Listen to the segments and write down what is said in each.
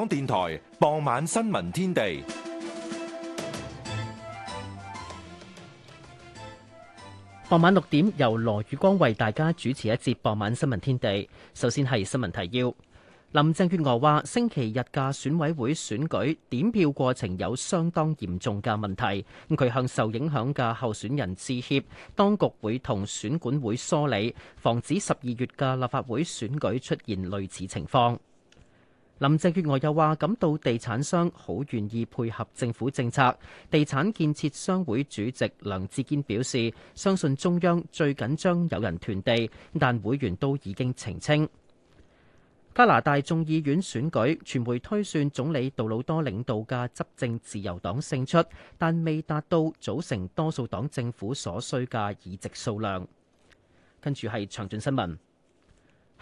香港電台傍晚新聞天地，傍晚六點由羅宇光為大家主持一節傍晚新聞天地。首先係新聞提要，林鄭月娥話星期日嘅選委會選舉點票過程有相當嚴重嘅問題，咁佢向受影響嘅候選人致歉，當局會同選管會梳理，防止十二月嘅立法會選舉出現類似情況。林鄭月娥又話感到地產商好願意配合政府政策。地產建設商會主席梁志堅表示，相信中央最緊張有人囤地，但會員都已經澄清。加拿大眾議院選舉傳媒推算，總理杜魯多領導嘅執政自由黨勝出，但未達到組成多數黨政府所需嘅議席數量。跟住係詳盡新聞。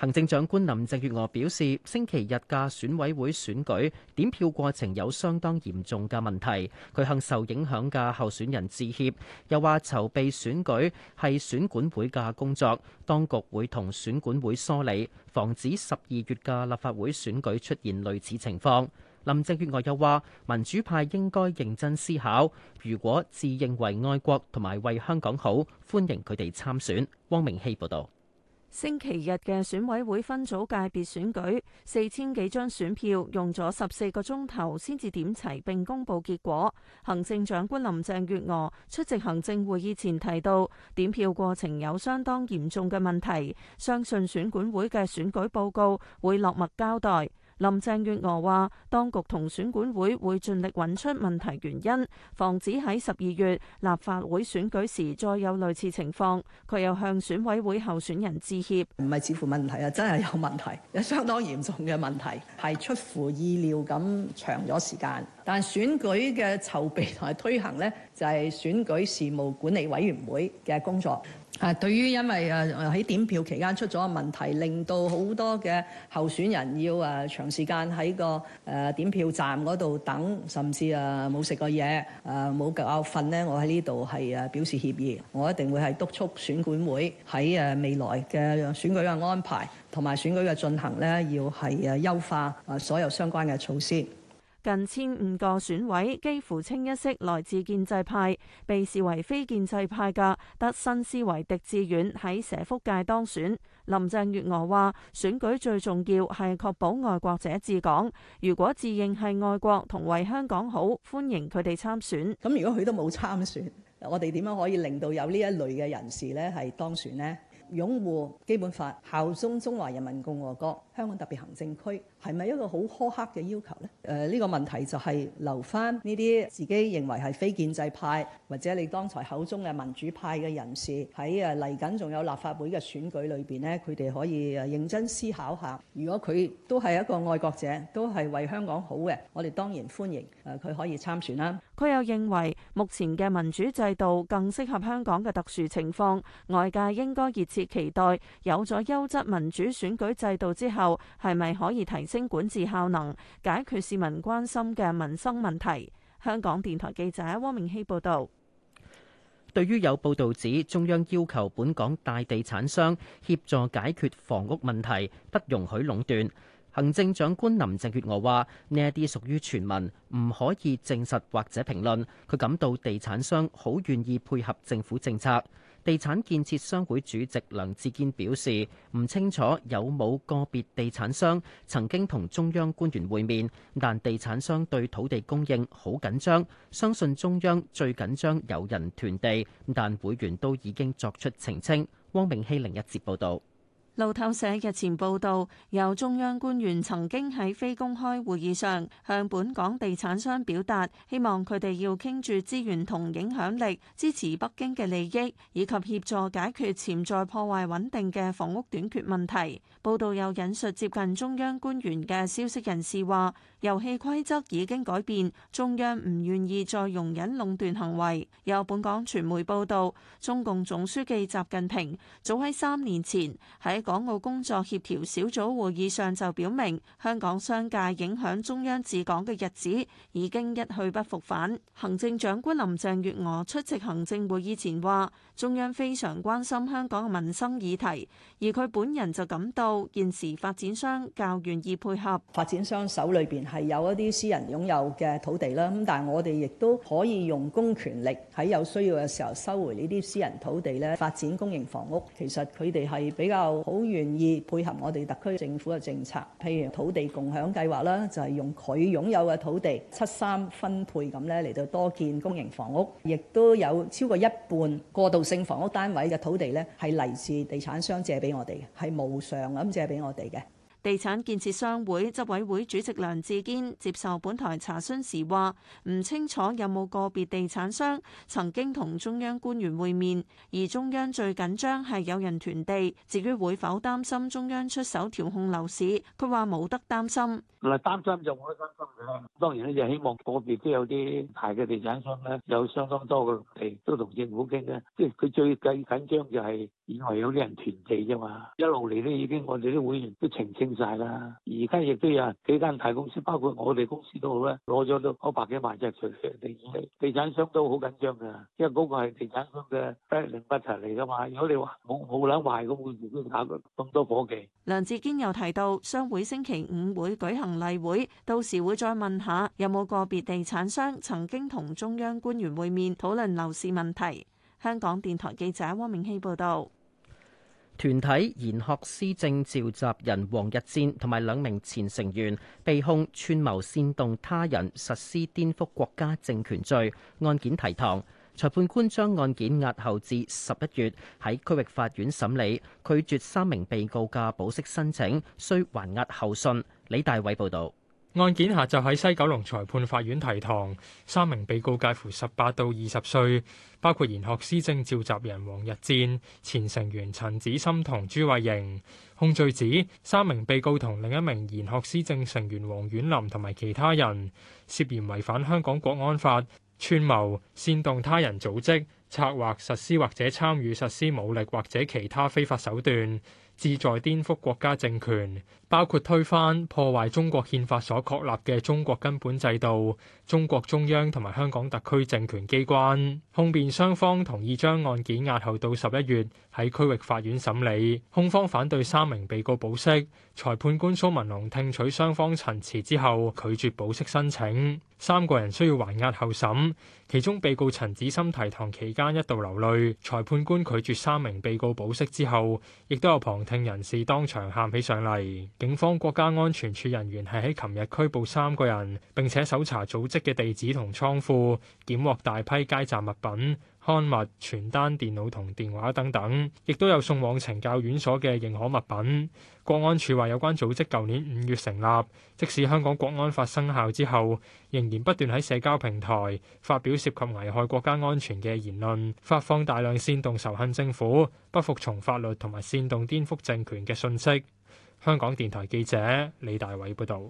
行政長官林鄭月娥表示，星期日嘅選委會選舉點票過程有相當嚴重嘅問題。佢向受影響嘅候選人致歉，又話籌備選舉係選管會嘅工作，當局會同選管會梳理，防止十二月嘅立法會選舉出現類似情況。林鄭月娥又話，民主派應該認真思考，如果自認為愛國同埋為香港好，歡迎佢哋參選。汪明希報導。星期日嘅選委會分組界別選舉，四千幾張選票用咗十四個鐘頭先至點齊並公布結果。行政長官林鄭月娥出席行政會議前提到，點票過程有相當嚴重嘅問題，相信選管會嘅選舉報告會落墨交代。林鄭月娥話：當局同選管會會盡力揾出問題原因，防止喺十二月立法會選舉時再有類似情況。佢又向選委會候選人致歉，唔係似乎問題啊，真係有問題，有相當嚴重嘅問題，係出乎意料咁長咗時間。但選舉嘅籌備同埋推行呢，就係、是、選舉事務管理委員會嘅工作。啊，對於因為啊喺點票期間出咗問題，令到好多嘅候選人要啊長時間喺個點票站嗰度等，甚至啊冇食過嘢，啊冇夠瞓咧，我喺呢度係表示歉意。我一定會係督促選管會喺未來嘅選舉嘅安排同埋選舉嘅進行咧，要係優化所有相關嘅措施。1> 近千五個選委幾乎清一色來自建制派，被視為非建制派嘅德新思維迪志遠喺社福界當選。林鄭月娥話：選舉最重要係確保外國者治港，如果自認係外國同為香港好，歡迎佢哋參選。咁如果佢都冇參選，我哋點樣可以令到有呢一類嘅人士呢？係當選呢，擁護基本法，效忠中華人民共和國香港特別行政區。係咪一個好苛刻嘅要求呢？誒、呃、呢、呢個問題就係留返呢啲自己認為係非建制派，或者你剛才口中嘅民主派嘅人士喺誒嚟緊仲有立法會嘅選舉裏邊呢，佢哋可以誒認真思考下，如果佢都係一個愛國者，都係為香港好嘅，我哋當然歡迎誒佢、呃、可以參選啦、啊。佢又認為目前嘅民主制度更適合香港嘅特殊情況，外界應該熱切期待有咗優質民主選舉制度之後，係咪可以提升管治效能，解決市民關心嘅民生問題。香港電台記者汪明希報導。對於有報道指中央要求本港大地產商協助解決房屋問題，不容許壟斷。行政長官林鄭月娥話：呢一啲屬於傳聞，唔可以證實或者評論。佢感到地產商好願意配合政府政策。地產建設商會主席梁志堅表示，唔清楚有冇個別地產商曾經同中央官員會面，但地產商對土地供應好緊張，相信中央最緊張有人囤地，但會員都已經作出澄清。汪明希，另一節報道。路透社日前報道，有中央官員曾經喺非公開會議上向本港地產商表達，希望佢哋要傾注資源同影響力，支持北京嘅利益，以及協助解決潛在破壞穩定嘅房屋短缺問題。報道有引述接近中央官員嘅消息人士話：遊戲規則已經改變，中央唔願意再容忍壟斷行為。有本港傳媒報道，中共總書記習近平早喺三年前喺港澳工作協調小組會議上就表明，香港商界影響中央治港嘅日子已經一去不復返。行政長官林鄭月娥出席行政會議前話：中央非常關心香港嘅民生議題，而佢本人就感到現時發展商較願意配合。發展商手裏邊係有一啲私人擁有嘅土地啦，咁但係我哋亦都可以用公權力喺有需要嘅時候收回呢啲私人土地咧，發展公營房屋。其實佢哋係比較好願意配合我哋特區政府嘅政策，譬如土地共享計劃啦，就係用佢擁有嘅土地七三分配咁咧嚟到多建公營房屋，亦都有超過一半過渡性房屋單位嘅土地咧，係嚟自地產商借俾我哋嘅，係無償咁借俾我哋嘅。地產建設商會執委會主席梁志堅接受本台查詢時話：唔清楚有冇個別地產商曾經同中央官員會面，而中央最緊張係有人囤地。至於會否擔心中央出手調控樓市，佢話冇得擔心。唔係擔心就冇得擔心嘅，當然咧就希望個別都有啲大嘅地產商咧有相當多嘅地都同政府傾咧，即係佢最最緊張就係。以外有啲人囤地啫嘛，一路嚟咧已經我哋啲會員都澄清晒啦。而家亦都有幾間大公司，包括我哋公司好都好啦，攞咗都嗰百幾萬隻。除地地產商都好緊張噶，因為嗰個係地產商嘅不領不齊嚟噶嘛。如果你話冇冇撚賣，咁會唔會搞咁多夥計？梁志堅又提到，商會星期五會舉行例會，到時會再問下有冇個別地產商曾經同中央官員會面討論樓市問題。香港電台記者汪明希報道。團體賢學思政召集人王逸戰同埋兩名前成員被控串謀煽動他人實施顛覆國家政權罪，案件提堂。裁判官將案件押後至十一月喺區域法院審理，拒絕三名被告嘅保釋申請，需還押候訊。李大偉報導。案件下晝喺西九龍裁判法院提堂，三名被告介乎十八到二十歲，包括賢學思政召集人王逸戰、前成員陳子心同朱慧盈。控罪指三名被告同另一名賢學思政成員黃沅琳同埋其他人，涉嫌違反香港國安法，串謀煽動他人組織、策劃、實施或者參與實施武力或者其他非法手段，旨在顛覆國家政權。包括推翻、破壞中國憲法所確立嘅中國根本制度、中國中央同埋香港特區政權機關。控辯雙方同意將案件押後到十一月喺區域法院審理。控方反對三名被告保釋，裁判官蘇文龍聽取雙方陳詞之後，拒絕保釋申請。三個人需要還押候審，其中被告陳子心提堂期間一度流淚，裁判官拒絕三名被告保釋之後，亦都有旁聽人士當場喊起上嚟。警方國家安全處人員係喺琴日拘捕三個人，並且搜查組織嘅地址同倉庫，檢獲大批街站物品、刊物、傳單、電腦同電話等等，亦都有送往懲教院所嘅認可物品。國安處話，有關組織舊年五月成立，即使香港國安法生效之後，仍然不斷喺社交平台發表涉及危害國家安全嘅言論，發放大量煽動仇恨政府、不服從法律同埋煽動顛覆政權嘅訊息。香港電台記者李大偉報道，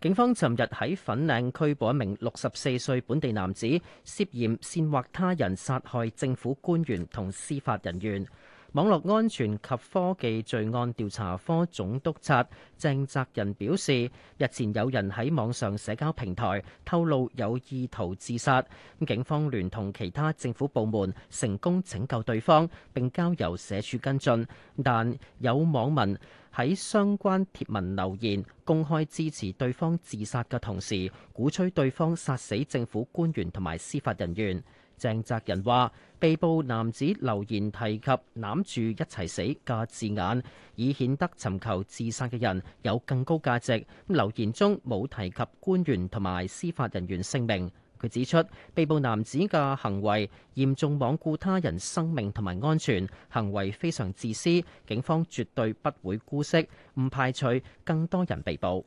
警方尋日喺粉嶺拘捕一名六十四歲本地男子，涉嫌煽惑他人殺害政府官員同司法人員。網絡安全及科技罪案調查科總督察鄭澤仁表示，日前有人喺網上社交平台透露有意圖自殺，警方聯同其他政府部門成功拯救對方並交由社署跟進，但有網民喺相關貼文留言公開支持對方自殺嘅同時，鼓吹對方殺死政府官員同埋司法人員。鄭澤仁話：被捕男子留言提及攬住一齊死嘅字眼，以顯得尋求自殺嘅人有更高價值。留言中冇提及官員同埋司法人員姓名。佢指出，被捕男子嘅行為嚴重罔顧他人生命同埋安全，行為非常自私。警方絕對不會姑息，唔排除更多人被捕。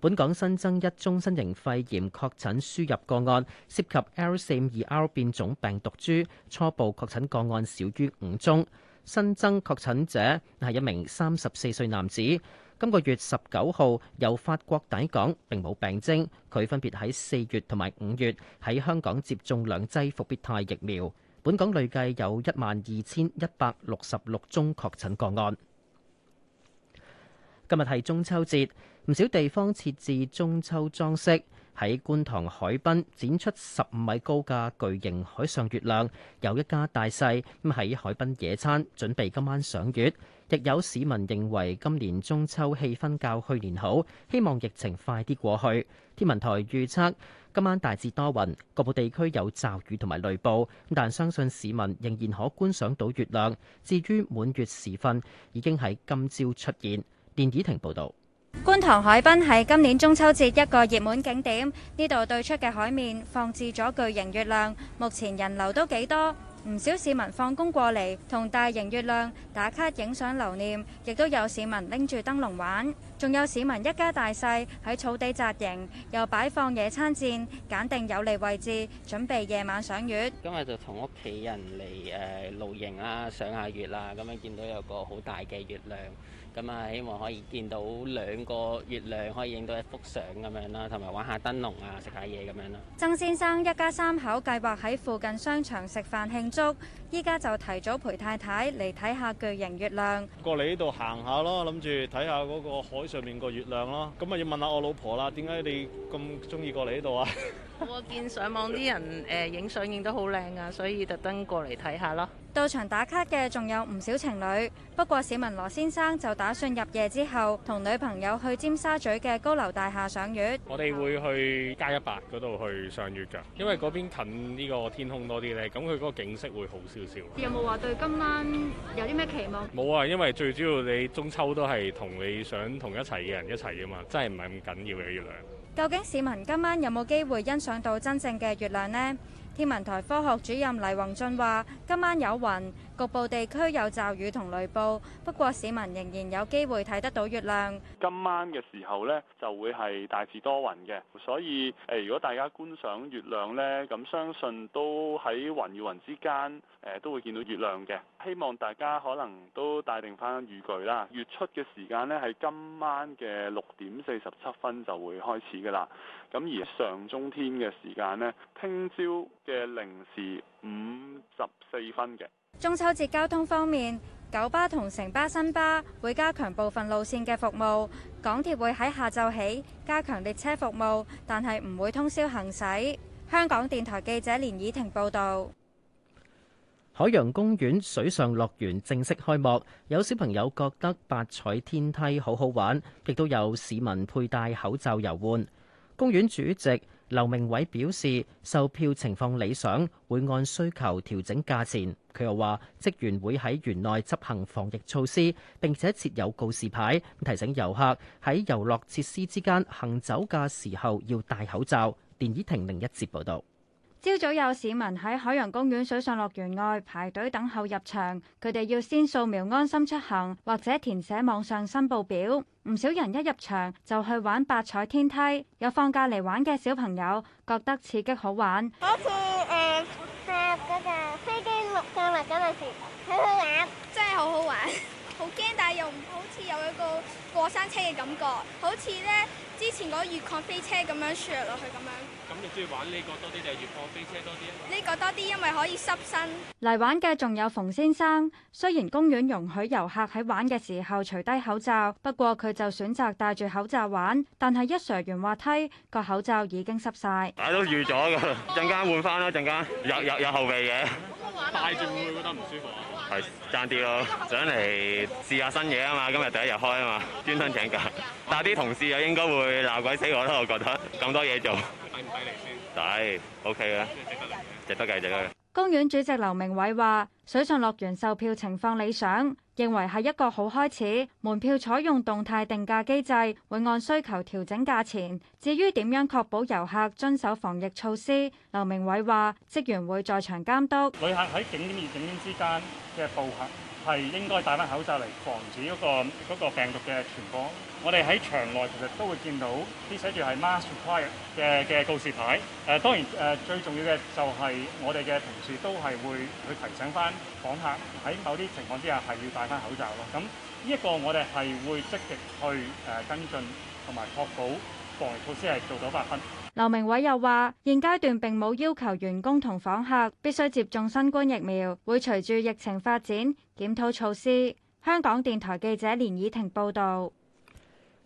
本港新增一宗新型肺炎確診輸入個案，涉及 L452R 變種病毒株，初步確診個案少於五宗。新增確診者係一名三十四歲男子，今個月十九號由法國抵港並，並冇病徵，佢分別喺四月同埋五月喺香港接種兩劑復必泰疫苗。本港累計有一萬二千一百六十六宗確診個案。今日係中秋節。唔少地方設置中秋裝飾，喺觀塘海濱展出十五米高嘅巨型海上月亮，有一家大細咁喺海濱野餐，準備今晚賞月。亦有市民認為今年中秋氣氛較去年好，希望疫情快啲過去。天文台預測今晚大致多雲，局部地區有驟雨同埋雷暴，咁但相信市民仍然可觀賞到月亮。至於滿月時分，已經喺今朝出現。連子亭報道。觀塘海濱係今年中秋節一個熱門景點，呢度對出嘅海面放置咗巨型月亮，目前人流都幾多，唔少市民放工過嚟同大型月亮打卡影相留念，亦都有市民拎住燈籠玩，仲有市民一家大細喺草地紮營，又擺放野餐墊，揀定有利位置準備夜晚賞月。今日就同屋企人嚟誒露營啦，賞下月啦，咁樣見到有個好大嘅月亮。咁啊，希望可以見到兩個月亮，可以影到一幅相咁樣啦，同埋玩下燈籠啊，食下嘢咁樣啦。曾先生一家三口計劃喺附近商場食飯慶祝。依家就提早陪太太嚟睇下巨型月亮。過嚟呢度行下咯，諗住睇下嗰個海上面個月亮咯。咁啊，要問下我老婆啦。點解你咁中意過嚟呢度啊？我見上網啲人誒，影相影得好靚啊，所以特登過嚟睇下咯。到場打卡嘅仲有唔少情侶，不過市民羅先生就打算入夜之後同女朋友去尖沙咀嘅高樓大廈賞月。我哋會去街一百嗰度去賞月噶，因為嗰邊近呢個天空多啲咧，咁佢嗰個景色會好少。有冇話對今晚有啲咩期望？冇啊，因為最主要你中秋都係同你想同一齊嘅人一齊啊嘛，真係唔係咁緊要嘅月亮。究竟市民今晚有冇機會欣賞到真正嘅月亮呢？天文台科學主任黎宏俊話：今晚有雲。局部地區有驟雨同雷暴，不過市民仍然有機會睇得到月亮。今晚嘅時候呢，就會係大致多雲嘅，所以誒，如果大家觀賞月亮呢，咁相信都喺雲與雲之間誒、呃，都會見到月亮嘅。希望大家可能都帶定返雨具啦。月出嘅時間呢，係今晚嘅六點四十七分就會開始㗎喇。咁而上中天嘅時間呢，聽朝嘅零時五十四分嘅。中秋節交通方面，九巴同城巴新巴會加強部分路線嘅服務，港鐵會喺下晝起加強列車服務，但係唔會通宵行駛。香港電台記者連以婷報導。海洋公園水上樂園正式開幕，有小朋友覺得八彩天梯好好玩，亦都有市民佩戴口罩遊玩。公園主席劉明偉表示，售票情況理想，會按需求調整價錢。佢又話，職員會喺園內執行防疫措施，並且設有告示牌，提醒遊客喺遊樂設施之間行走嘅時候要戴口罩。連綺亭另一節報道。朝早有市民喺海洋公園水上樂園外排隊等候入場，佢哋要先掃描安心出行或者填寫網上申報表。唔少人一入場就去玩八彩天梯，有放假嚟玩嘅小朋友覺得刺激好玩。好似誒，搭嗰架飛機落降落嗰陣時，好好玩，真係好好玩。好驚，但係又唔好似有有個過山車嘅感覺，好似咧之前嗰越礦飛車咁樣 drop 落去咁樣。咁你中意玩呢個多啲，就係越礦飛車多啲呢個多啲，因為可以濕身。嚟玩嘅仲有馮先生，雖然公園容許遊客喺玩嘅時候除低口罩，不過佢就選擇戴住口罩玩，但係一 drop 完滑梯，個口罩已經濕晒。大家都預咗噶，陣間換翻啦，陣間有有有後備嘅。咁好玩戴住會覺得唔舒服啊？係，爭啲咯，想嚟試下新嘢啊嘛！今日第一日開啊嘛，專登請假，但係啲同事又應該會鬧鬼死我咯，我覺得咁多嘢做，抵唔抵嚟先？抵，OK 啦，值得嚟，值得計，值得。公園主席劉明偉話：水上樂園售票情況理想，認為係一個好開始。門票採用動態定價機制，會按需求調整價錢。至於點樣確保遊客遵守防疫措施，劉明偉話：職員會在場監督。旅客喺景點與景點之間嘅步行。係應該戴翻口罩嚟防止嗰個病毒嘅傳播。我哋喺場內其實都會見到啲寫住係 mask required 嘅嘅告示牌。誒、呃、當然誒、呃、最重要嘅就係我哋嘅同事都係會去提醒翻訪客喺某啲情況之下係要戴翻口罩咯。咁呢一個我哋係會積極去誒、呃、跟進同埋確保防疫措施係做到百分劉明偉又話：現階段並冇要求員工同訪客必須接種新冠疫苗，會隨住疫情發展檢討措施。香港電台記者連以婷報道。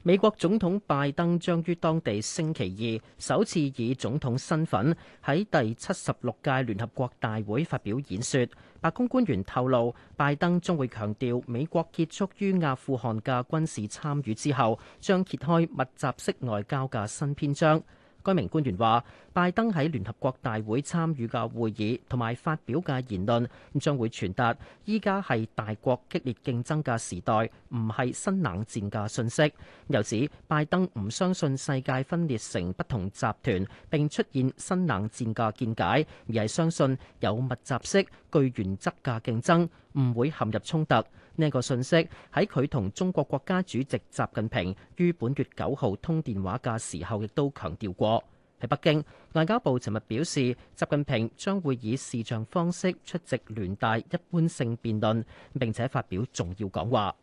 美國總統拜登將於當地星期二首次以總統身份喺第七十六屆聯合國大會發表演說。白宮官員透露，拜登將會強調美國結束於阿富汗嘅軍事參與之後，將揭開密集式外交嘅新篇章。該名官員話：拜登喺聯合國大會參與嘅會議同埋發表嘅言論，咁將會傳達依家係大國激烈競爭嘅時代，唔係新冷戰嘅信息。由此，拜登唔相信世界分裂成不同集團，並出現新冷戰嘅見解，而係相信有密集式具原則嘅競爭。唔會陷入衝突呢個信息，喺佢同中國國家主席習近平於本月九號通電話嘅時候，亦都強調過。喺北京，外交部尋日表示，習近平將會以視像方式出席聯大一般性辯論，並且發表重要講話。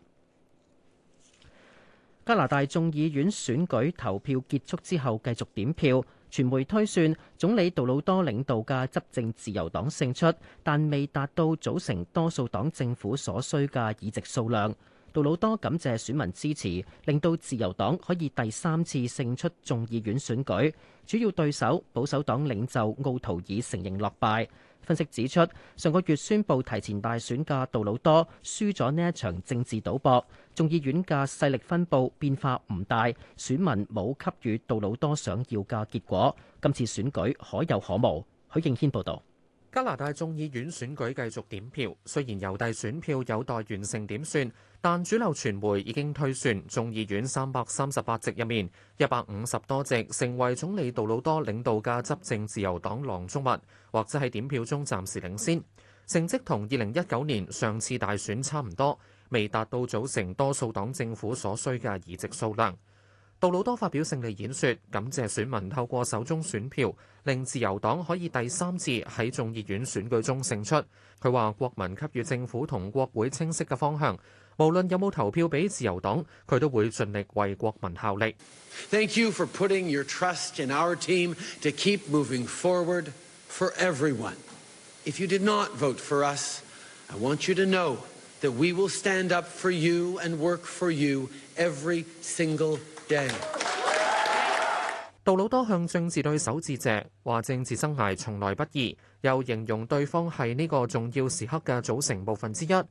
加拿大眾議院選舉投票結束之後，繼續點票。傳媒推算，總理杜魯多領導嘅執政自由黨勝出，但未達到組成多數黨政府所需嘅議席數量。杜魯多感謝選民支持，令到自由黨可以第三次勝出眾議院選舉。主要對手保守黨領袖奧圖爾承認落敗。分析指出，上個月宣布提前大選嘅杜魯多輸咗呢一場政治賭博，眾議院嘅勢力分布變化唔大，選民冇給予杜魯多想要嘅結果。今次選舉可有可無。許應軒報導。加拿大眾議院選舉繼續點票，雖然郵遞選票有待完成點算，但主流傳媒已經推算眾議院三百三十八席入面，一百五十多席成為總理杜魯多領導嘅執政自由黨囊中物，或者喺點票中暫時領先成績同二零一九年上次大選差唔多，未達到組成多數黨政府所需嘅議席數量。杜魯多發表勝利演說，感謝選民透過手中選票，令自由黨可以第三次喺眾議院選舉中勝出。佢話：國民給予政府同國會清晰嘅方向，無論有冇投票俾自由黨，佢都會盡力為國民效力。Thank you for putting your trust in our team to keep moving forward for everyone. If you did not vote for us, I want you to know that we will stand up for you and work for you every single Yeah. 杜魯多向政治對手致謝，話政治生涯從來不易，又形容對方係呢個重要時刻嘅組成部分之一。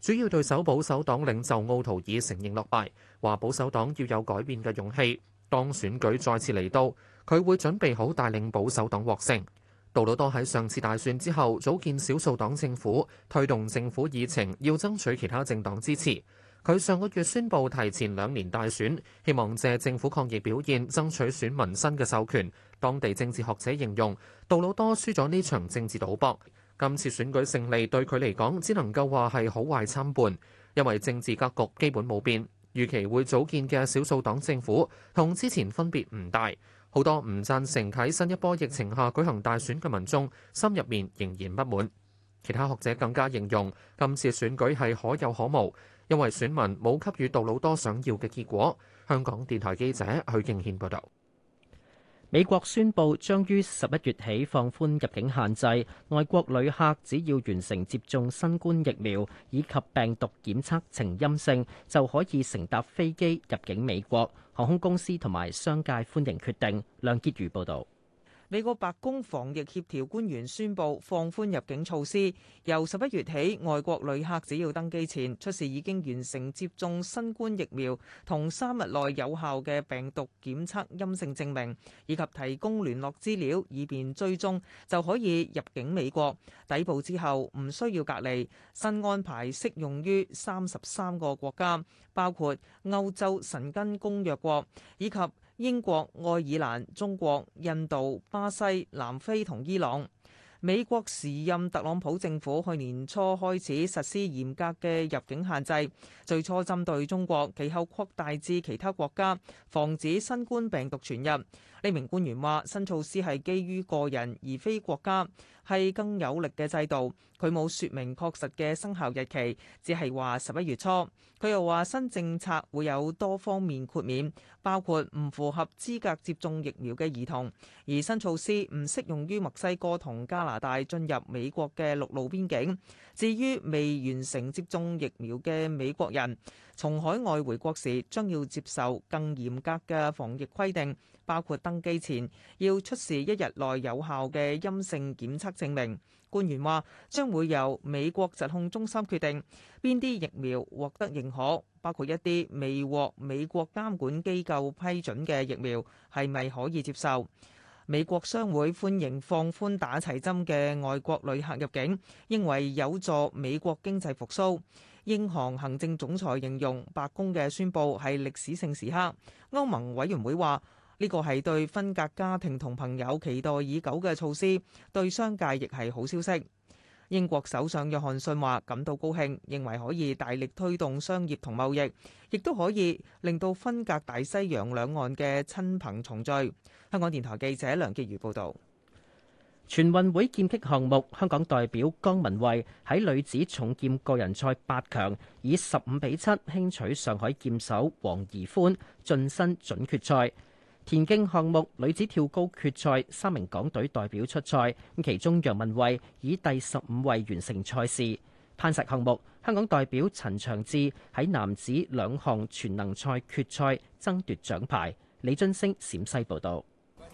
主要對手保守黨領袖奧圖爾承認落敗，話保守黨要有改變嘅勇氣。當選舉再次嚟到，佢會準備好帶領保守黨獲勝。杜魯多喺上次大選之後組建少數黨政府，推動政府議程，要爭取其他政黨支持。佢上個月宣布提前兩年大選，希望借政府抗疫表現爭取選民新嘅授權。當地政治學者形容道：杜魯多輸咗呢場政治賭博。今次選舉勝利對佢嚟講，只能夠話係好壞參半，因為政治格局基本冇變。預期會組建嘅少數黨政府同之前分別唔大，好多唔贊成喺新一波疫情下舉行大選嘅民眾心入面仍然不滿。其他學者更加形容今次選舉係可有可無。因為選民冇給予杜魯多想要嘅結果，香港電台記者許敬憲報道：美國宣布將於十一月起放寬入境限制，外國旅客只要完成接種新冠疫苗以及病毒檢測呈陰性，就可以乘搭飛機入境美國。航空公司同埋商界歡迎決定。梁潔如報道。美國白宮防疫協調官員宣布放寬入境措施，由十一月起，外國旅客只要登機前出示已經完成接種新冠疫苗同三日內有效嘅病毒檢測陰性證明，以及提供聯絡資料以便追蹤，就可以入境美國，抵埗之後唔需要隔離。新安排適用於三十三個國家，包括歐洲申根公約國以及英國、愛爾蘭、中國、印度、巴西、南非同伊朗。美國時任特朗普政府去年初開始實施嚴格嘅入境限制，最初針對中國，其後擴大至其他國家，防止新冠病毒傳入。呢名官員話：新措施係基於個人，而非國家，係更有力嘅制度。佢冇說明確實嘅生效日期，只係話十一月初。佢又話新政策會有多方面豁免，包括唔符合資格接種疫苗嘅兒童。而新措施唔適用於墨西哥同加拿大進入美國嘅陸路邊境。至於未完成接種疫苗嘅美國人，從海外回國時，將要接受更嚴格嘅防疫規定，包括登機前要出示一日內有效嘅陰性檢測證明。官員話將會由美國疾控中心決定邊啲疫苗獲得認可，包括一啲未獲美國監管機構批准嘅疫苗係咪可以接受。美國商會歡迎放寬打齊針嘅外國旅客入境，認為有助美國經濟復甦。英航行政總裁形容白宮嘅宣布係歷史性時刻。歐盟委員會話呢個係對分隔家庭同朋友期待已久嘅措施，對商界亦係好消息。英國首相約翰遜話感到高興，認為可以大力推動商業同貿易，亦都可以令到分隔大西洋兩岸嘅親朋重聚。香港電台記者梁潔如報道。全運會劍擊項目，香港代表江文慧喺女子重劍個人賽八強，以十五比七輕取上海劍手王怡歡，晉身準決賽。田徑項目女子跳高決賽，三名港隊代表出賽，其中楊文蔚以第十五位完成賽事。攀石項目，香港代表陳祥志喺男子兩項全能賽決賽爭奪獎牌。李津星陝西報導。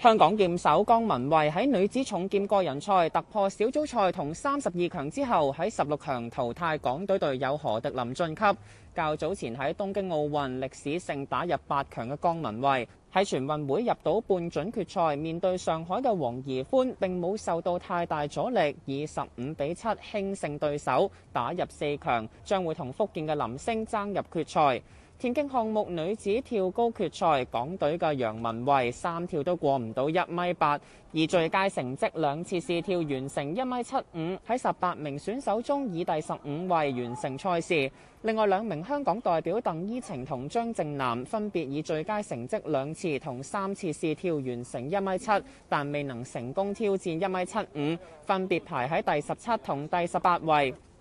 香港劍手江文慧喺女子重劍個人賽突破小組賽同三十二強之後，喺十六強淘汰港隊隊友何迪林晉級。較早前喺東京奧運歷史性打入八強嘅江文慧，喺全運會入到半準決賽，面對上海嘅王怡歡並冇受到太大阻力，以十五比七輕勝對手，打入四強，將會同福建嘅林星爭入決賽。田徑項目女子跳高決賽，港隊嘅楊文蔚三跳都過唔到一米八，以最佳成績兩次試跳完成一米七五，喺十八名選手中以第十五位完成賽事。另外兩名香港代表鄧依晴同張靜南分別以最佳成績兩次同三次試跳完成一米七，但未能成功挑戰一米七五，分別排喺第十七同第十八位。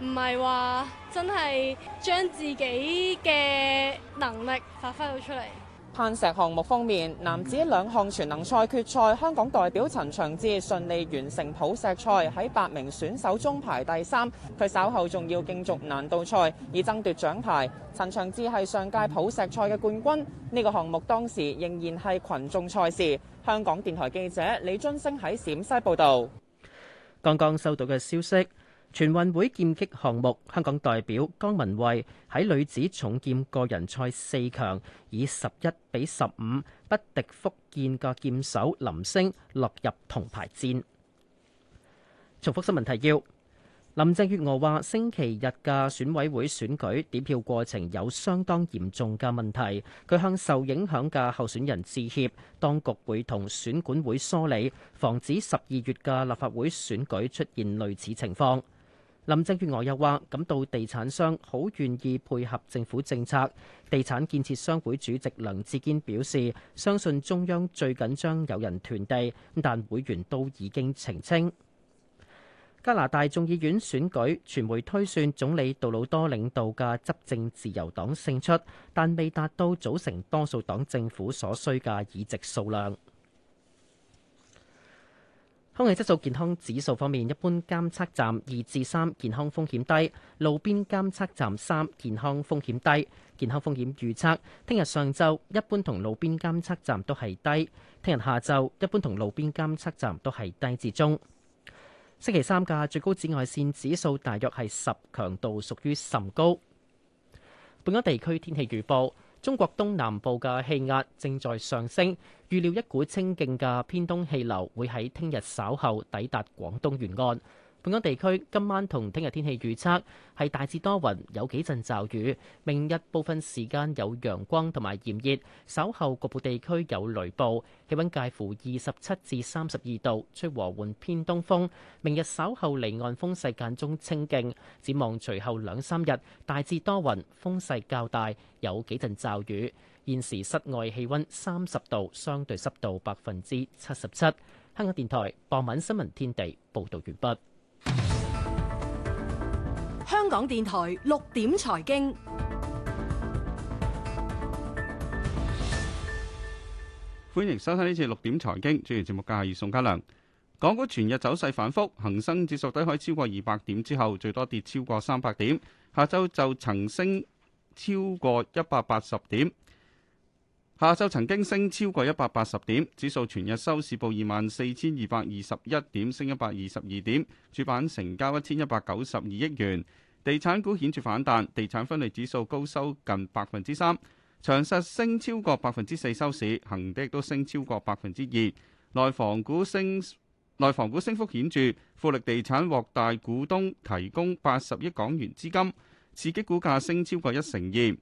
唔係話真係將自己嘅能力發揮到出嚟。攀石項目方面，男子兩項全能賽決賽，香港代表陳祥志順利完成普石賽，喺八名選手中排第三。佢稍後仲要競逐難度賽以爭奪獎牌。陳祥志係上屆普石賽嘅冠軍。呢個項目當時仍然係群眾賽事。香港電台記者李津升喺陝西報道。剛剛收到嘅消息。全運會劍擊項目，香港代表江文慧喺女子重劍個人賽四強，以十一比十五不敵福建嘅劍手林星，落入銅牌戰。重複新聞提要：林鄭月娥話，星期日嘅選委會選舉點票過程有相當嚴重嘅問題，佢向受影響嘅候選人致歉，當局會同選管會梳理，防止十二月嘅立法會選舉出現類似情況。林鄭月娥又話，感到地產商好願意配合政府政策。地產建設商會主席梁志堅表示，相信中央最緊張有人囤地，但會員都已經澄清。加拿大眾議院選舉傳媒推算，總理杜魯多領導嘅執政自由黨勝出，但未達到組成多數黨政府所需嘅議席數量。空氣質素健康指數方面，一般監測站二至三，健康風險低；路邊監測站三，健康風險低。健康風險預測：聽日上晝一般同路邊監測站都係低；聽日下晝一般同路邊監測站都係低至中。星期三嘅最高紫外線指數大約係十，強度屬於甚高。本港地區天氣預報。中國東南部嘅氣壓正在上升，預料一股清勁嘅偏東氣流會喺聽日稍後抵達廣東沿岸。本港地區今晚同聽日天氣預測係大致多雲，有幾陣驟雨。明日部分時間有陽光同埋炎熱，稍後局部地區有雷暴。氣温介乎二十七至三十二度，吹和緩偏東風。明日稍後離岸風勢間中清勁，展望隨後兩三日大致多雲，風勢較大，有幾陣驟雨。現時室外氣溫三十度，相對濕度百分之七十七。香港電台傍晚新聞天地報導完畢。香港電台六點財經，歡迎收聽呢次六點財經。主持節目嘅係宋嘉良。港股全日走勢反復，恒生指數低開超過二百點之後，最多跌超過三百點，下周就曾升超過一百八十點。下晝曾經升超過一百八十點，指數全日收市報二萬四千二百二十一點，升一百二十二點。主板成交一千一百九十二億元，地產股顯著反彈，地產分類指數高收近百分之三，長實升超過百分之四收市，恒地亦都升超過百分之二。內房股升，內房股升幅顯著，富力地產獲大股東提供八十億港元資金，刺激股價升超過一成二。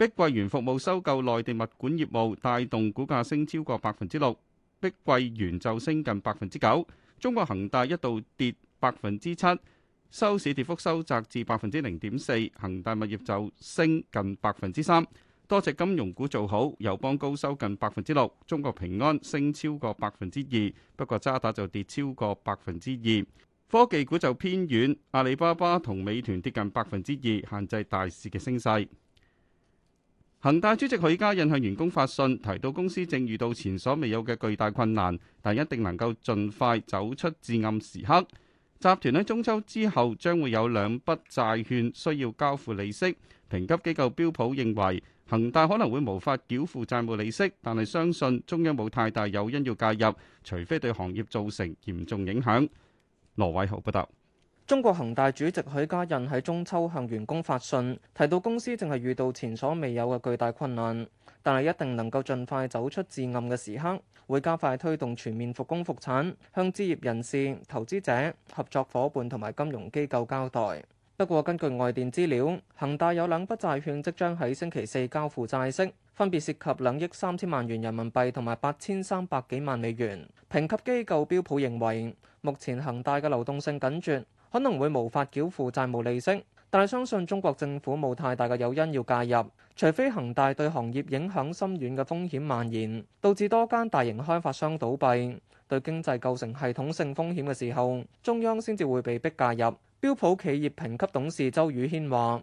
碧桂園服務收購內地物管業務，帶動股價升超過百分之六。碧桂園就升近百分之九。中國恒大一度跌百分之七，收市跌幅收窄至百分之零點四。恒大物業就升近百分之三。多隻金融股做好，友邦高收近百分之六，中國平安升超過百分之二。不過渣打就跌超過百分之二。科技股就偏軟，阿里巴巴同美團跌近百分之二，限制大市嘅升勢。恒大主席許家印向員工發信，提到公司正遇到前所未有嘅巨大困難，但一定能夠盡快走出至暗時刻。集團喺中秋之後將會有兩筆債券需要交付利息。評級機構標普認為，恒大可能會無法繳付債務利息，但係相信中央冇太大誘因要介入，除非對行業造成嚴重影響。羅偉豪報道。中國恒大主席許家印喺中秋向員工發信，提到公司淨係遇到前所未有嘅巨大困難，但係一定能夠盡快走出至暗嘅時刻，會加快推動全面復工復產，向置業人士、投資者、合作夥伴同埋金融機構交代。不過，根據外電資料，恒大有兩筆債券即將喺星期四交付債息，分別涉及兩億三千萬元人民幣同埋八千三百幾萬美元。評級機構標普認為，目前恒大嘅流動性緊絀。可能會無法繳付債務利息，但係相信中國政府冇太大嘅誘因要介入，除非恒大對行業影響深遠嘅風險蔓延，導致多間大型開發商倒閉，對經濟構成系統性風險嘅時候，中央先至會被逼介入。標普企業評級董事周宇軒話：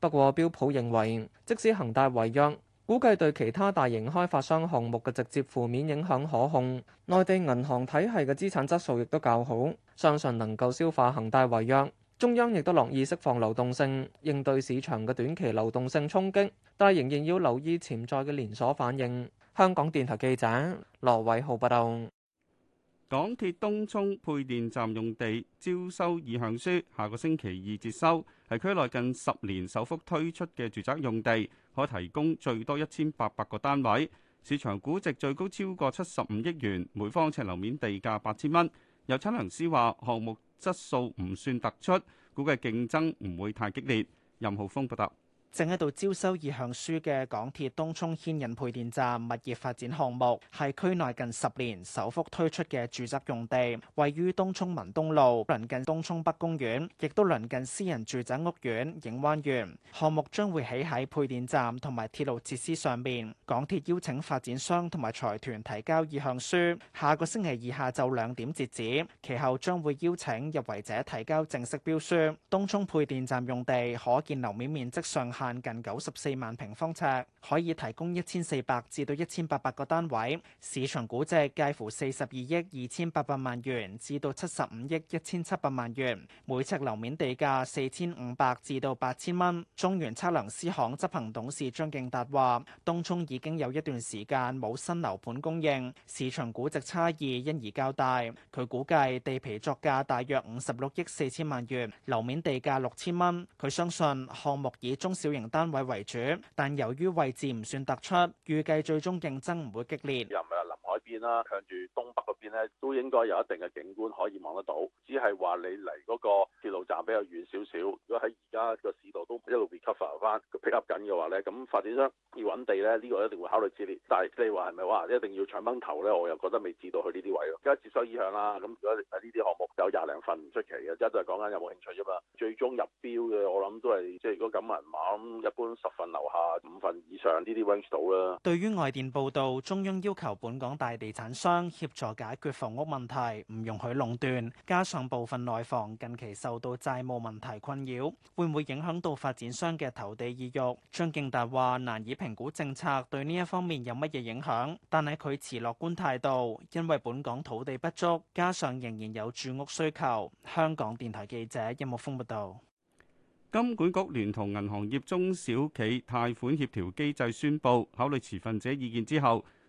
不過，標普認為，即使恒大違約，估計對其他大型開發商項目嘅直接負面影響可控。內地銀行體系嘅資產質素亦都較好，相信能夠消化恒大違約。中央亦都樂意釋放流動性，應對市場嘅短期流動性衝擊，但係仍然要留意潛在嘅連鎖反應。香港電台記者羅偉浩報道。港鐵東涌配電站用地招收意向書，下個星期二截收，係區內近十年首幅推出嘅住宅用地，可提供最多一千八百個單位，市場估值最高超過七十五億元，每方尺樓面地價八千蚊。有測量師話項目質素唔算突出，估計競爭唔會太激烈。任浩峰報道。正喺度招收意向書嘅港鐵東涌牽引配電站物業發展項目，係區內近十年首幅推出嘅住宅用地，位於東涌文東路，鄰近東涌北公園，亦都鄰近私人住宅屋苑影灣園。項目將會起喺配電站同埋鐵路設施上面。港鐵邀請發展商同埋財團提交意向書，下個星期二下晝兩點截止，其後將會邀請入圍者提交正式標書。東涌配電站用地可建樓面面積上限。近近九十四萬平方尺，可以提供一千四百至到一千八百個單位，市場估值介乎四十二億二千八百萬元至到七十五億一千七百萬元，每尺樓面地價四千五百至到八千蚊。中原測量師行執行董事張敬達話，東涌已經有一段時間冇新樓盤供應，市場估值差異因而較大。佢估計地皮作價大約五十六億四千萬元，樓面地價六千蚊。佢相信項目以中小型單位為主，但由於位置唔算突出，預計最終競爭唔會激烈。 邊啦，向住東北嗰邊咧，都應該有一定嘅景觀可以望得到。只係話你嚟嗰個鐵路站比較遠少少。如果喺而家個市道都一路 recover 翻，佢 pick up 緊嘅話咧，咁發展商要揾地咧，呢個一定會考慮之列。但係你話係咪話一定要搶掹頭咧？我又覺得未至到去呢啲位咯。而家接收意向啦，咁如果呢啲項目有廿零份唔出奇嘅，而家就係講緊有冇興趣啫嘛。最終入標嘅我諗都係即係如果咁人馬，咁一般十份樓下五份以上呢啲 range 到啦。對於外電報道，中央要求本港大地產商協助解決房屋問題，唔容許壟斷。加上部分內房近期受到債務問題困擾，會唔會影響到發展商嘅投地意慾？張敬達話難以評估政策對呢一方面有乜嘢影響，但係佢持樂觀態度，因為本港土地不足，加上仍然有住屋需求。香港電台記者任木峰報道。金管局聯同銀行業中小企貸款協調機制宣布，考慮持份者意見之後，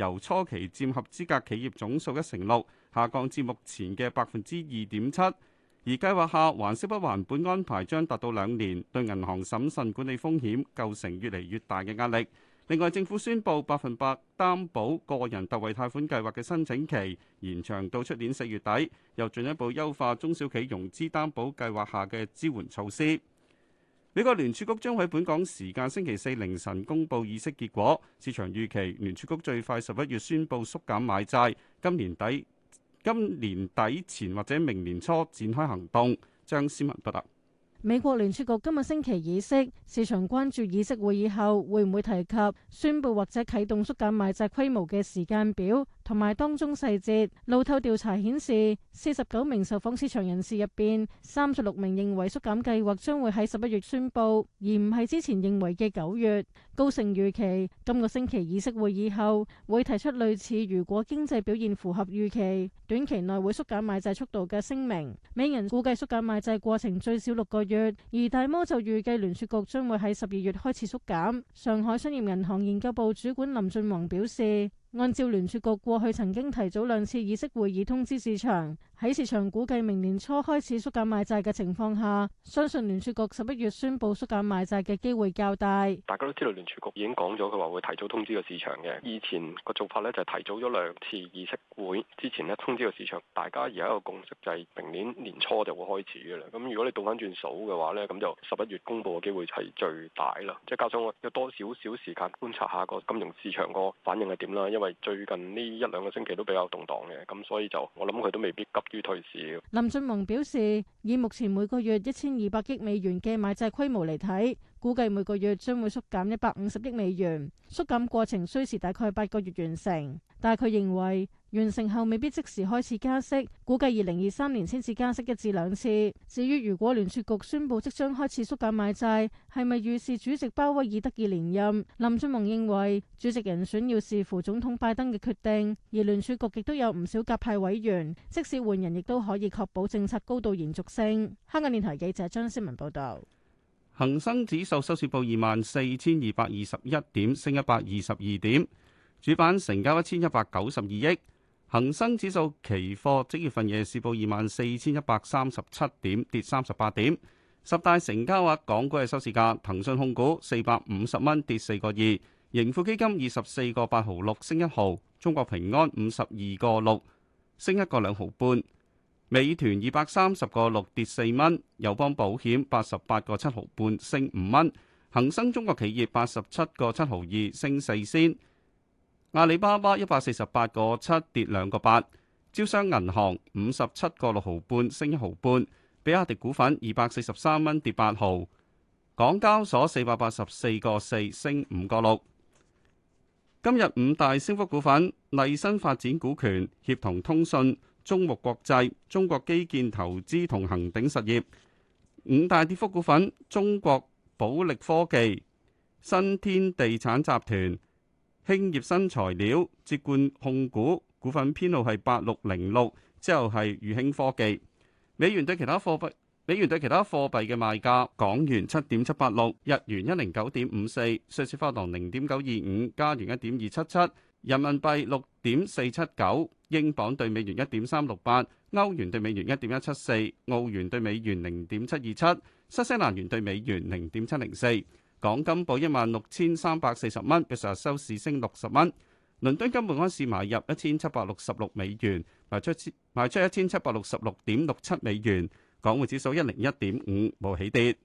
由初期佔合資格企業總數一成六下降至目前嘅百分之二點七，而計劃下還息不還本安排將達到兩年，對銀行審慎管理風險構成越嚟越大嘅壓力。另外，政府宣布百分百擔保個人特惠貸款計劃嘅申請期延長到出年四月底，又進一步優化中小企融資擔保計劃下嘅支援措施。美國聯儲局將喺本港時間星期四凌晨公布議息結果，市場預期聯儲局最快十一月宣布縮減買債，今年底今年底前或者明年初展開行動。張思文報道。美國聯儲局今個星期議息，市場關注議息會議後會唔會提及宣布或者啟動縮減買債規模嘅時間表。同埋當中細節，路透調查顯示，四十九名受訪市場人士入邊，三十六名認為縮減計劃將會喺十一月宣佈，而唔係之前認為嘅九月。高盛預期今個星期議息會議後，會提出類似如果經濟表現符合預期，短期內會縮減買債速度嘅聲明。美銀估計縮減買債過程最少六個月，而大摩就預計聯儲局將會喺十二月開始縮減。上海商業銀行研究部主管林俊宏表示。按照聯儲局過去曾經提早兩次議息會議通知市場，喺市場估計明年初開始縮減買債嘅情況下，相信聯儲局十一月宣布縮減買債嘅機會較大。大家都知道聯儲局已經講咗，佢話會提早通知個市場嘅。以前個做法咧就係提早咗兩次議息會之前呢通知個市場，大家而家個共識就係明年年初就會開始嘅啦。咁如果你倒翻轉數嘅話咧，咁就十一月公布嘅機會係最大啦。即係加上我有多少少時間觀察下個金融市場個反應係點啦。因為最近呢一兩個星期都比較動盪嘅，咁所以就我諗佢都未必急於退市。林俊雄表示，以目前每個月一千二百億美元嘅買債規模嚟睇，估計每個月將會縮減一百五十億美元，縮減過程需時大概八個月完成。但係佢認為，完成後未必即時開始加息，估計二零二三年先至加息一至兩次。至於如果聯儲局宣布即將開始縮減買債，係咪預示主席鮑威爾得以連任？林俊宏認為主席人選要視乎總統拜登嘅決定，而聯儲局亦都有唔少鴿派委員，即使換人亦都可以確保政策高度延續性。香港電台記者張思文報道。恒生指數收市報二萬四千二百二十一點，升一百二十二點，主板成交一千一百九十二億。恒生指數期貨即月份夜市報二萬四千一百三十七點，跌三十八點。十大成交額港股嘅收市價：騰訊控股四百五十蚊，跌四個二；盈富基金二十四個八毫六，升一毫；中國平安五十二個六，升一個兩毫半；美團二百三十個六，跌四蚊；友邦保險八十八個七毫半，升五蚊；恒生中國企業八十七個七毫二，升四仙。阿里巴巴一百四十八個七，跌兩個八，招商銀行五十七個六毫半，升一毫半，比亞迪股份二百四十三蚊，跌八毫，港交所四百八十四個四，升五個六。今日五大升幅股份：麗新發展股權、協同通訊、中木國際、中國基建投資同恆鼎實業。五大跌幅股份：中國寶力科技、新天地產集團。興業新材料、接冠控股股份編號係八六零六，之後係宇興科技。美元對其他貨幣，美元對其他貨幣嘅賣價：港元七點七八六，日元一零九點五四，瑞士法郎零點九二五，加元一點二七七，人民幣六點四七九，英鎊對美元一點三六八，歐元對美元一點一七四，澳元對美元零點七二七，新西蘭元對美元零點七零四。港金報一萬六千三百四十蚊，今日收市升六十蚊。倫敦金每安士買入一千七百六十六美元，賣出千，賣出一千七百六十六點六七美元。港匯指數一零一點五，冇起跌。